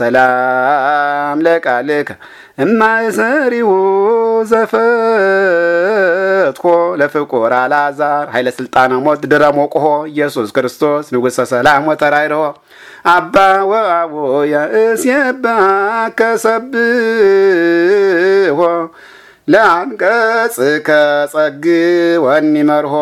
ሰላም ለቃልከ እማእሰሪው ዘፈትኮ ለፍቁር አላዛር ኃይለ ስልጣነ ሞት ድረ ሞቁሆ ኢየሱስ ክርስቶስ ንጉሠ ሰላም ወተራይሮ አባ ወአቡየ እስየባከ ሰብሖ ለአንቀጽከ ጸግ ወኒ መርሖ